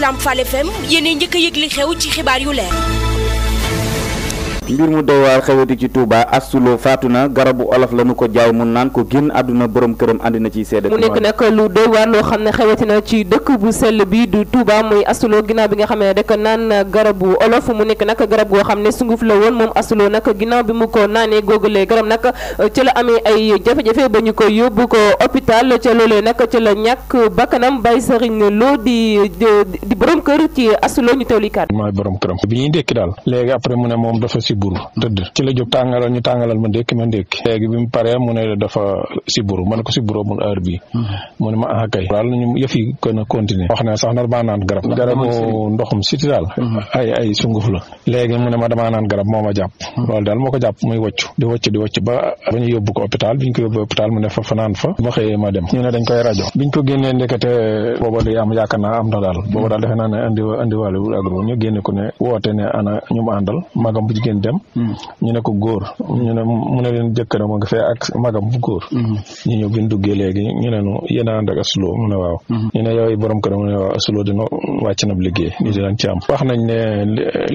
Lamp Fall FM yéen njëkk a yëg xew ci xibaar yu leer. mbir mu doy waar xewati ci Touba Assulo faatu na garabu olof la nu ko jaaw mu naan ko génn àdduna borom këram àndi na ciy seede. mu nekk nag lu doy waar loo xam ne xewati na ci dëkk bu sell bi du Touba muy Assulo ginnaaw bi nga xam ne rek naan garabu olof mu nekk nag garab goo xam ne sunguf la woon moom Assulo nag ginnaaw bi mu ko naanee googalee garab nag euh, ci la amee ay jafe-jafe ba ñu ko yóbbu ko hôpital ca loolee nag ca la ñàkk bakkanam bay sëriñ loo di di borom kër ci Assulo ñu tawlikaat. mooy borom këram bi ñuy ndekki daal léegi après mu ne moom dafa si siburu deud ci la jog tàngalal ñu tangalal ma dekk ma dekk legi bi mu paré mu né dafa siburu ma ne ko siburu mun heure bi hmm. mu ne ma ah kay daal ñu yefi yi continuer wax sax na damaa naan garab garabu ndoxum siti dal hmm. ay ay sunguf la legi mu ne ma dama nan garab moma japp hmm. lol dal moko japp muy wocc di wocc di wocc ba bañu yobbu ko hôpital biñ ko yobbu hôpital mu ne fa fanaan fa ma xëyee ma dem ñu ne dañ koy radio biñ ko génnee ndekete bobo day am yaakaar na am na dal bobo dal defé na né andi andi walu agro ñu génne ko né woote né ana ñu mu àndal magam bu jigen dem hmm. ñu ne ko goor ñu ne mu ne leen jëkkëram nga fay ak magam bu goor hmm. ñu ñu bindu duggee léegi ñu ne no yena and ak aslo mu ne waaw hmm. ñu ne yoy borom këram mu ne waaw aslo dina wacc na liggéey ñu dina ci am wax nañ ne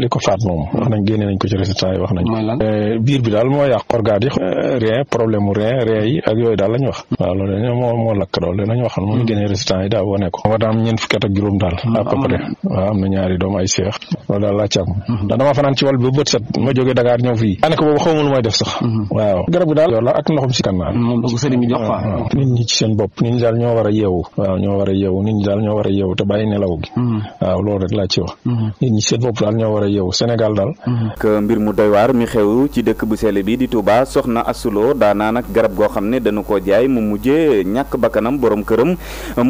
liko faat mom wax nañ gene nañ ko ci resultat yi wax nañ eh, biir bi daal moo yàq orgaat yi eh, rien problème rien rien yi ak yoy dal lañ wax waaw lo dañ mo mo lak do danañ wax mo gene resultat yi da woné ko ma daam ñen fukkat ak juroom dal à peu près waaw am na ñaari doom ay cheikh wala la ci am da dama fanan ci wal bu beut set ma jóge Dakar ñëw fi année ko boobu xawma lu may def sax mhm. waaw garab dal yo la ak ndoxum ci kan naan mom ko sëriñ bi jox fa ah, ah. nit ñi ci seen bop nit ñi daal ñoo wara a waaw ñoo wara a nit ñi daal ñoo wara a yeewu te bàyyi nelaw gi mhm. waaw lool rek la ci wax mhm. nit ñi seen bop dal ñoo wara a yeewu Sénégal daal que mbir mu doy war mi xew ci dëkk bu sell bi di Touba soxna da daanaa nag garab go xam dañu ko jaay mu mujjé ñak bakanam borom kërëm